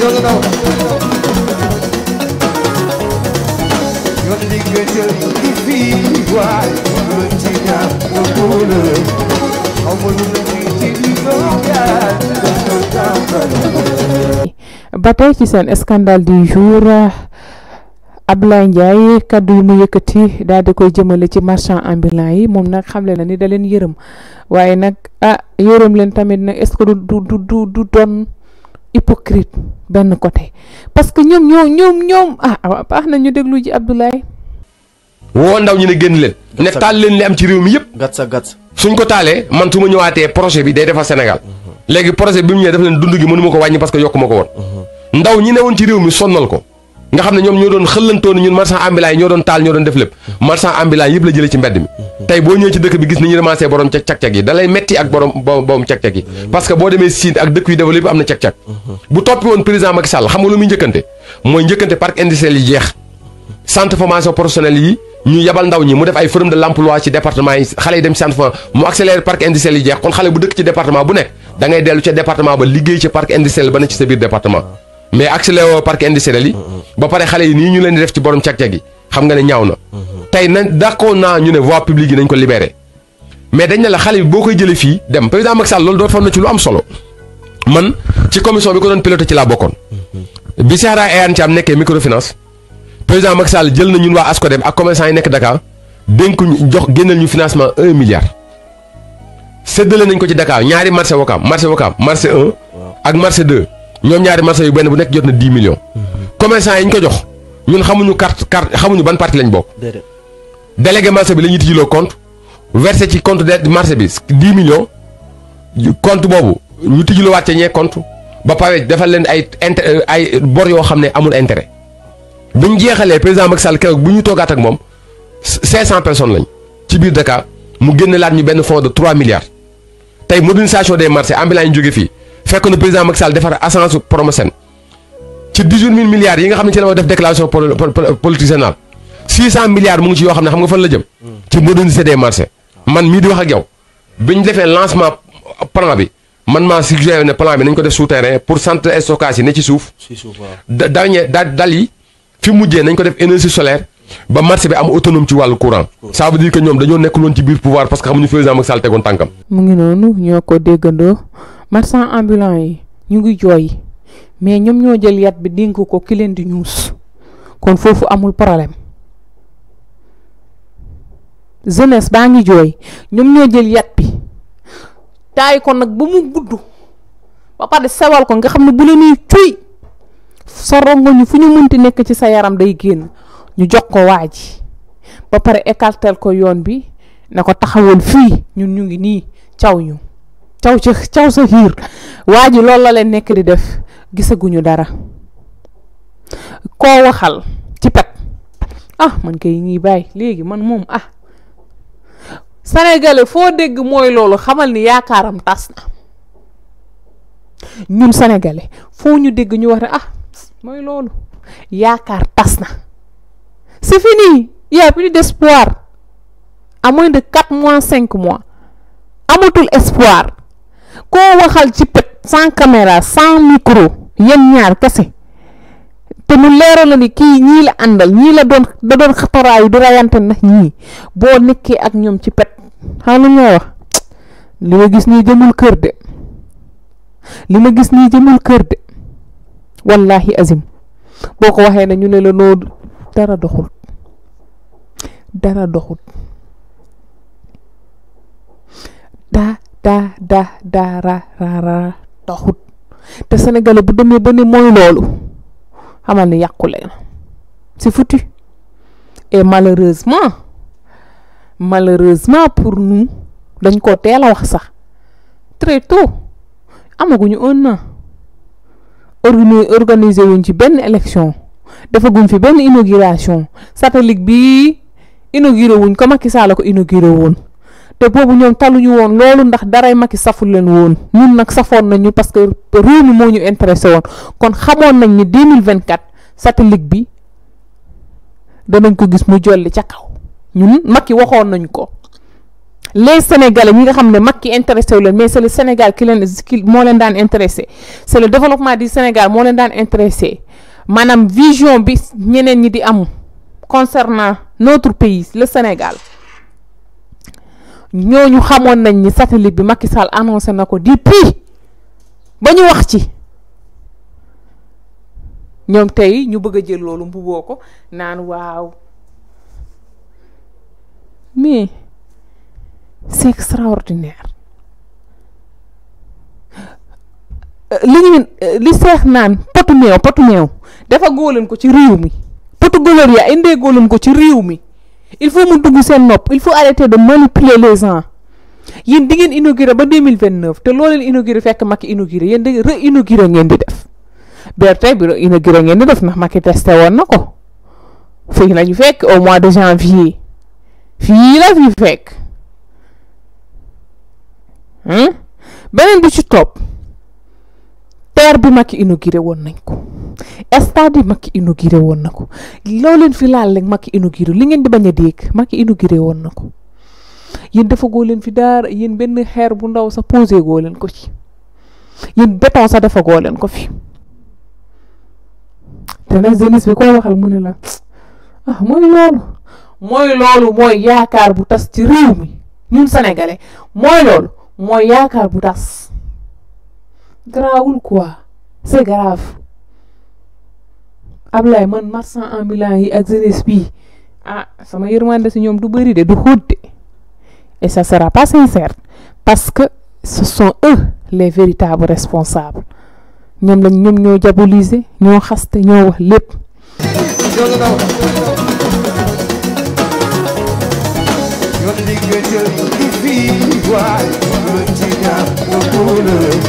jono Yon di gejel di fiwa Yon di nyamu mulu Omul di di dogan Yon taman ba tey ci seen scandale du jour Abdoulaye Ndiaye kaddu yu mu yëkkati daal di koy jëmale ci marchand ambulant yi moom nag xamle na ni da leen yërëm waaye nag ah yërëm leen tamit nag est-ce que du du du du doon hypocrite benn côté parce que ñoom ñoo ñoom ñoom ah baax na ñu déglu ji Abdoulaye. woo ndaw ñu ne génn leen. ne taal leen li am ci réew mi yëpp. gatsa gatsa suñ ko taalee man su ma ñëwaatee projet bi day defal Sénégal. Mhm. léegi projet bi mu ñëwee daf leen dund gi mënu ma ko wàññi parce que yokku ma ko woon. Mhm. ndaw ñi ne woon ci réew mi sonnal ko. nga xam ne ñoom ñoo doon xëllantoon ñun marchand ambulant yi ñoo doon taal ñoo doon def lépp marchand ambulant yëpp la jëlee ci mbedd mi tey boo ñëwee ci dëkk bi gis ni ñu ramassé borom cag-cag yi da lay metti ak borom borom cag-cag yi parce que boo demee Sine ak dëkk yu développé am na cag-cag bu toppi woon président Macky Sall muy njëkkante mooy njëkkante parc industriel yi jeex centre formation professionnelle yi ñu yebal ndaw ñi mu def ay forum mais accéléré woo parc industriel yi. Mm-hmm. ba xale yi nii ñu leen def ci borom cag-cag yi nga ne ñaaw na. Mm-hmm. tey na d'accord naa ñu ne voie publique yi nañ ko libéré mais dañ ne la xale bi boo koy jëlee fii dem président Macky Sall loolu dootoon na ci lu am solo man ci commission bi ko doon piloté ci laa bokkoon. Mm-hmm. bi Sahara Eyane Thiam microfinance président Macky jël na ñun waa ASCODEM ak commerçant yi nekk Dakar dénk ñu jox génneel ñu financement un séddale nañ ko ci Dakar ñaari marché Wakaam marché Wakaam marché un. ak marché deux. ñoom ñaari marché yu benn bu nekk jot na 10 millions. commerçant yi ñu ko jox ñun xamuñu carte carte xamuñu ban parti lañ bokk. délégué marché bi la ñuy tijjiloo compte versé ci compte de marché bi 10 millions compte boobu ñu tijjiloo wàcce ñee compte ba pare defal leen ay inter euh, ay bor yoo xam ne amul intérêt bu ñu jeexalee président Macky Sall keroog bu ñu toogaat ak moom 500 personnes lañ ci biir Dakar mu génne laat ñu benn fonds de 3 milliards tey modernisation des marchés ambulant ñu jóge fii. fekk na président Macky Sall defar assurance promosène ci dix yi nga xam ne ci ma def déclaration politique générale mu ngi ci yoo xam ne xam nga fan la jëm. ci moderniser des marchés. man mii di wax ak yow bi ñu defee lancement plan bi man maa suggéré ne plan bi nañ ko def souterrain pour centre stockage yi ne ci suuf. ci da dal yi fi mujjee nañ ko def énergie solaire. ba marché bi am autonome ci wàllu courant. ça veut ñoom dañoo nekkuloon ci biir marchand ambulant yi ñu ngi jooy mais ñoom ñoo jël yat bi dénk ko ki di ñuus kon foofu amul problème jeunesse baa ngi jooy ñoom ñoo jël yat bi taay ko nag bu mu gudd ba pare sewal ko nga xam ne bu la ñuy cuy sa rongo fu ñu munti nekk ci sa yaram day génn ñu jox ko waa ji ba pare écartel ko yoon bi na ko taxawal fii ñun ñu ngi nii caw ñu caw ci caw sa hir waa lol la len nek di def gisaguñu dara ko waxal ci pet ah man kay ñuy bay legi man mom ah sénégalais fo dégg moy lolou xamal ni yaakaram tasna. ñun sénégalais fo ñu dégg ñu wax ah moy lolou yaakar tasna. c'est fini il y a plus d'espoir à moins de 4 mois 5 mois amatul espoir koo waxal ci pët sans caméra sans micro yéen ñaar kese te mu leeral la ni kii ñii la àndal ñii la doon da doon xataraayu di rayante ndax ñii boo nekkee ak ñoom ci pet xam lu ñoo wax li ma gis nii jëmul kër de ma gis nii jëmul kër de wallahi azim boo ko waxee na ñu ne la noo dara doxul dara doxul daa da da da ra ra ra doxut te sénégalais bu demee ba ni mooy loolu xamal ni yàqule na c'est foutu et malheureusement malheureusement pour nous dañ ko teel a wax sax très tôt amaguñu un an organi organisé wuñ ci benn élection defaguñ fi benn inauguration satellite bi inauguré wuñ ko Macky Sall ko inauguré woon te boobu ñoom taluñu woon loolu ndax daray Macky saful leen woon ñun nag safoon nañu parce que réew mi moo ñu intéressé woon kon xamoon nañ ni 2024 satellite bi danañ ko gis mu jolli ca kaw ñun Macky waxoon nañ ko les sénégalais ñi nga xam ne Macky intéressé wu leen mais c'est le Sénégal ki leen ki moo leen daan intéressé c'est le développement du Sénégal moo leen daan intéressé maanaam vision bi ñeneen ñi di am concernant notre pays le Sénégal ñooñu xamoon nañ ni satellite bi Macky Sall annoncé na ko depuis ba ñu wax ci ñoom tey ñu bëgg a jël loolu mbuboo ko naan waaw mais c'est extraordinaire li ñu li seex naan potu meew potu meew dafa góoleen ko ci réew mi potu gëlër ya indee góoleen ko ci réew mi il faut mu dugg seen nopp il faut arrêter de manipuler les gens yéen di ngeen inauguré ba deux mille vingt neuf te loo leen inauguré fekk Macky inauguré yéen da re inauguré ngeen di def BRT bi re inauguré ngeen di def ndax Macky testé woon na ko fii la ñu fekk au mois de janvier fii la fi fekk hmm? beneen bi ci topp terre bi Macky inauguré woon nañ ko stade yi Macky inauguré woon na ko loo leen fi laal rek Macky inauguré li ngeen di a dégg Macky inauguré woon na ko yéen dafa leen fi daara yéen benn xeer bu ndaw sa posé goo leen ko ci yéen béton sa dafa leen ko fi te nag jeunesse bi koo waxal mu ne la ah mooy loolu mooy yaakaar bu tas ci réew mi ñun sénégalais mooy loolu mooy yaakaar bu tas garaawul quoi c'est grave ablay man en ambulant yi ak jeunesse bii ah sama yërmande ci ñom du bëri de du xóot de et ça sera pas sincère parce que ce sont eux les véritables responsables ñom lañ ñoom ñoo diaboliser ñoo xaste ñoo wax lépp. You're the girl you feel right, but you got no